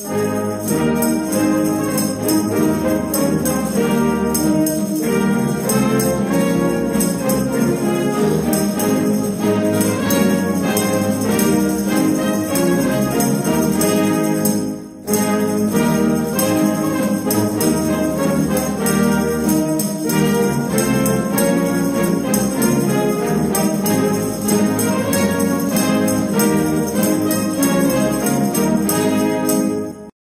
Música